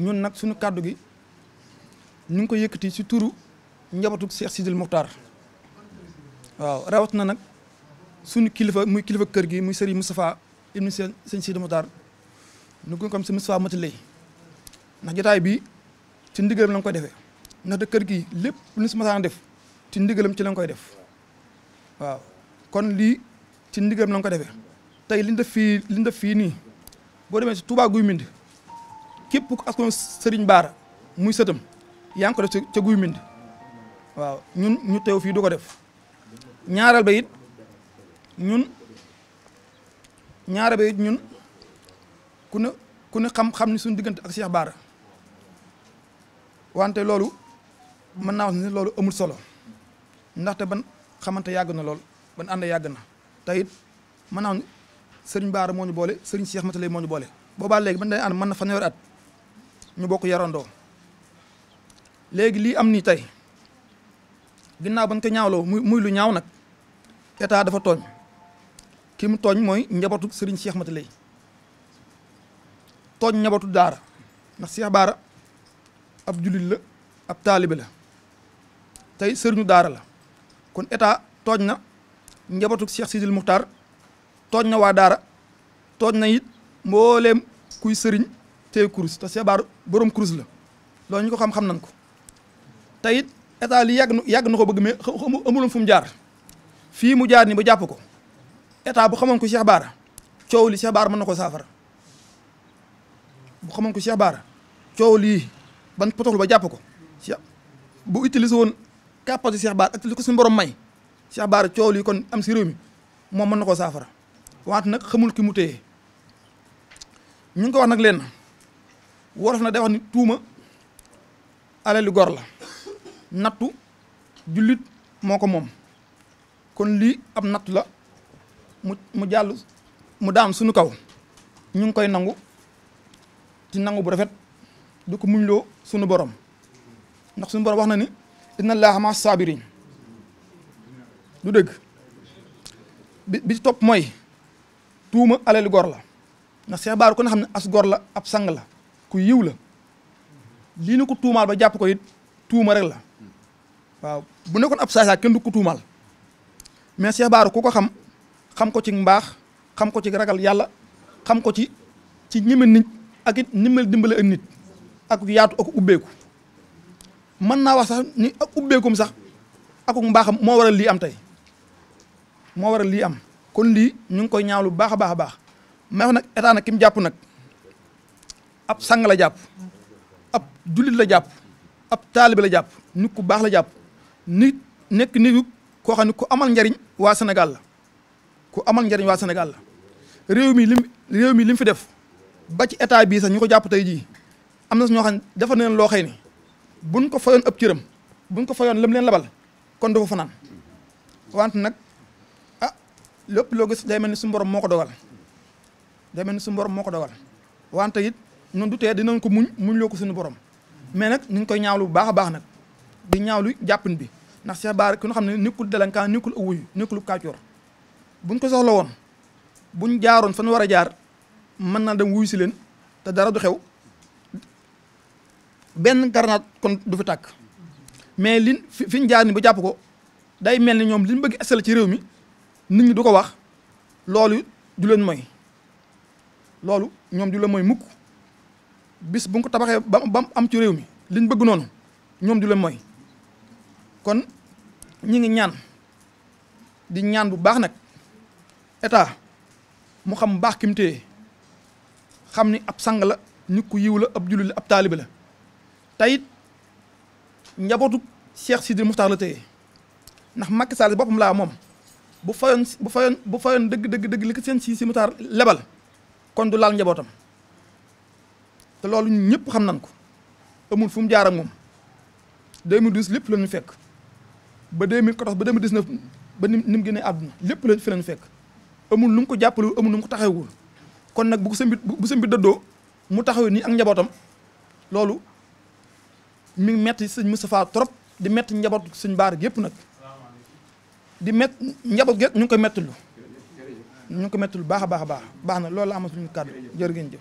ñun nag suñu kàddu gi ñu ngi ko yëkkati ci turu njabootu Cheikh Sidil Muxtaar waaw rawat na nag suñu kilifa muy kilifa kër gi muy Serigne Moustapha ibnu sëñ Sidil Muxtaar ñu ko comme si Moustapha Matilay ndax jotaay bi ci ndigalam lañ koy defee ndax de kër gi lépp lu ñu si masaan def ci ndigalam ci lañ koy def waaw kon lii ci ndigalam lañ ko defee tey liñ def fii liñ def fii nii boo demee ci Touba Guy Mbind képp ku askan Serigne Baara muy sëtam yaa ngi ko def ca guy mind waaw ñun ñu teew fii du ko def ñaareel ba it ñun ñaareel ba it ñun ku ne ku ne xam-xam ni suñ diggante ak Cheikh Baara wante loolu man naa wax ne loolu amul solo ndaxte ban xamante yàgg na lool ban ànd yàgg na te it mën naa Serigne Baara moo boole boole Serigne Cheikh Matalay moo ñu boole boobaa léegi ban day ànd mën na fanweeri at. ñu bokk yarandoo léegi lii am ni tey ginnaaw bañ ko ñaawloo muy muy lu ñaaw nag état dafa tooñ ki mu tooñ mooy njabootu Serigne Cheikh Mati Lay tooñ njabootu daara ndax Cheikh Baara ab jullit la ab taalibe la tey sëriñu daara la kon état tooñ na njabatu njabootu Cheikh Sidil Muxtaar tooñ na waa daara tooñ na it mbooleem kuy sëriñ te kurus te Cheikh Bara borom kurus la loolu ñu ko xam-xam nañ ko te it état li yàgg na yàgg na ko bëgg mais amuloon fu mu jaar fii mu jaar ni ba jàpp ko état bu xamoon ko Cheikh Bara coow li Cheikh Bara mën na ko saafara bu ko Cheikh Bara coow lii ban potoxlu ba jàpp ko Cheikh bu utilisé woon capacité Cheikh Bara ak li ko si borom may Cheikh Bara coow lii kon am si réew mi moom mën na ko saafara waat nag xamul ki mu téye ñu ngi ko wax nag leen wolof na day wax ni tuuma alali gor la nattu jullit moo ko moom kon lii ab nattu la mu mu jàll mu daan suñu kaw ñu ngi koy nangu ci nangu bu rafet du ko muñ loo suñu borom ndax suñu borom wax na ni inna laa ma sabirin du dégg bi bi topp mooy tuuma alali gor la ndax Cheikh Bara ku ne xam ne as gor la ab sang la ku yiw la lii nu ko tuumaal ba jàpp ko it tuuma rek la waaw bu nekkoon ab saay saay kenn du ko tuumaal mais Cheikh Bara ku ko xam xam ko ci mbaax xam ko ci ragal yàlla xam ko ci ci ñeme nit ak it dimbale ak nit ak yaatu ak ubbeeku mën naa wax sax ni ak ubbeekum sax ak mbaaxam moo waral lii am tey moo war a lii am kon lii ñu ngi koy lu baax a baax a baax may wax nag état nag ki jàpp nag. ab sang la jàpp ab jullit la jàpp ab taalibe la jàpp nit ku baax la jàpp nit nekk nit koo xam ne ku amal njariñ waa Sénégal la ku amal njariñ waa Sénégal réew mi lim réew mi lim fi def ba ci état bii sax ñu ko jàpp tey jii am na ñoo xam ne dafa neen loo xëy ni buñ ko fayoon ab cëram buñ ko fayoon lam leen labal kon dafa fanaan wante nag ah lépp loo gis day mel ni su mborom moo ko dogal day mel ni su mborom moo ko dogal wante it non du tee dinañ ko muñ muñ loo ko suñu borom mais nag ñu ngi koy ñaawlu bu baax a baax nag di ñaawlu jàppin bi ndax Cheikh Bara ku ñu xam ne nekkul delankaan nekkul awuyu nekkul kàccoor buñ ko soxla woon buñ jaaroon fan war a jaar mën naa dem wuyu si leen te dara du xew benn garnaat kon du fi tàkk mais liñ fi fi ñu jaar ni ba jàpp ko day mel ni ñoom liñ bëgg asal ci réew mi nit ñi du ko wax loolu du leen mooy loolu ñoom du la mooy mukk bis bu nga ko tabaxee ba mu am ci réew mi liñ bëgg noonu ñoom du leen mooy kon ñu ngi ñaan di ñaan bu baax nag état mu xam baax ki téye xam ni ab sang la nit ku yiw la ab julli la ab taaliba la tayit njabootu Cheikh Sidi Muxtaar la téye ndax Macky Sall boppam laa moom bu fayoon bu fayoon bu fayoon dëgg dëgg dëgg li ko seen si si Muxtaar lebal kon du laal njabootam te loolu ñun ñëpp xam nañ ko amul fu mu jaar ak moom 2012 lépp la ñu fekk ba 2014 ba 2019 ba ni ni mu génnee àdduna lépp la fi la ñu fekk amul lu mu ko jàppalewul amul lu mu ko taxawul kon nag bu ko sëmbi bu sëmbi dëddoo mu taxaw nii ak njabootam loolu mu ngi metti sëñ Moustapha trop di metti njaboot sëñ baar gépp nag di mett njaboot gi ñu ngi koy metti lu ñu ko metti lu baax baax a baax baax na loolu la amal suñu kàddu jërë ngeen jëf